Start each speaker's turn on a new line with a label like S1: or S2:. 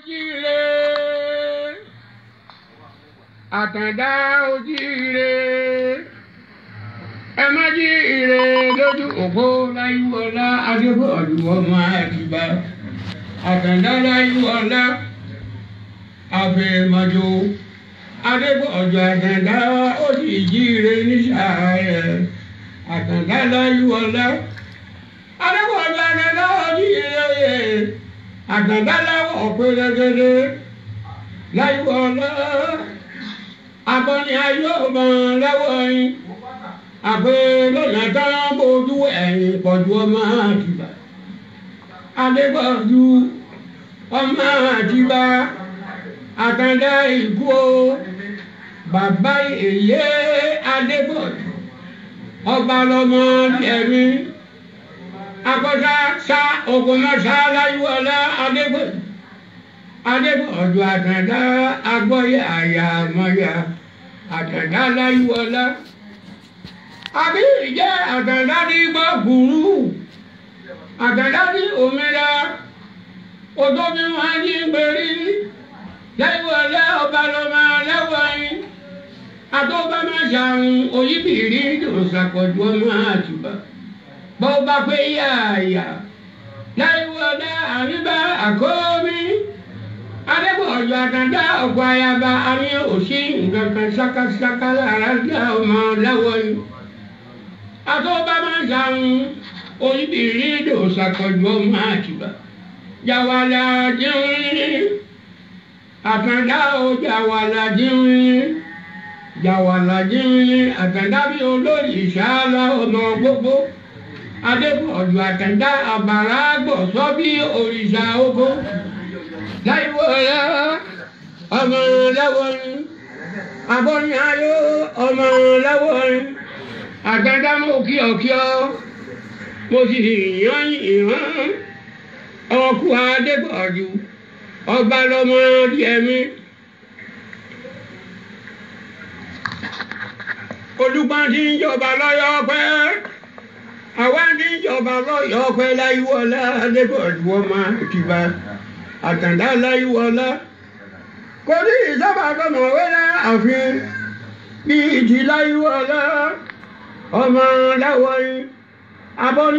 S1: ojire àtàndá ojire ẹ ire lójú ògbó láyíwọlá adébọ̀lù ọmọ àtìgbà àtàndá láyíwọlá àfẹ̀mọ́jọ adébọ̀lù àtàndá ojìjire níṣàárẹ̀ àtàndá láyíwọlá adébọ̀lù àtàndá ojìjire. àgbàgbàláwọ̀ ọ̀pẹ̀rẹ̀gẹ̀dẹ̀ láyọ̀ ọ̀lọ́ abọ́ni ayọ̀ ọmọ lọ́wọ́ yín àgbẹ̀ lọ́nà tán bójú ẹ̀yìn pọ̀jù ọmọ àtìbá adébọ̀jú ọmọ àtìbá àtàndá ìkú o bàbá èyí adébọ̀jú ọba lọ́mọ ẹ̀mí sa akọ́sá sá ògùnmọ́ sá láyúwọlá adégbò adégbò ọ̀dọ̀ àtàndá agbọ́yé àyà àmọ́yà àtàndá láyúwọlá àbí ìjẹ́ àtàndá ní gbọ́ gbùrú àtàndá ní òmìnira odó mi wọn ní gbèrí láyúwọlá ọba lọ́mọ lẹ́wọ̀nyí àtọ́gbàmájà òyìnbí rí ìdòsàkọ̀jọ́ máa tùbà bọ́ bá pé yààyà láìwọ́dá àríbá àkọ́bí adébọ̀jọ àtàndá ọ̀pọ̀ ayaba àmì òsì nǹkan kan ṣákáṣáká lára dá ọmọ lẹ́wọ̀ yìí. atọ́ba máa ń sàrùn oníbìrì ìdò ṣàkọjú ọmọ àtìbá jàwàlà dínrín àtàndá ò jàwàlà dínrín jàwàlà dínrín àtàndá bí olóyè ìṣáálá ọmọ gbogbo adébọ̀lù àkàndá àbàrà gbọ̀sọ́ bí òrìṣà ogo láìwọ̀ ọ̀la ọmọ lẹ́wọ̀rin abọ́ni ayọ́ ọmọ lẹ́wọ̀rin àkàndá mọ̀ kí ọ̀kíọ́ mo sì yàn ìhàn ọkù adébọ̀lù ọba lọmọ díẹ̀ mi. olùgbọ́n ti ń jọba lọ́yọ́ pẹ́ẹ́ àwa níjọba lọ́yọ̀ọ́ pẹ́ láyíwọ́lá adébọ̀dúwọ́ máa kíba àtàndá láyíwọ́lá kò ní ìjọba gbọ́mọ̀ wẹ́lá àfin bíi ìdí láyíwọ́lá ọmọ láwọ̀ọ́yìn abọ́ni.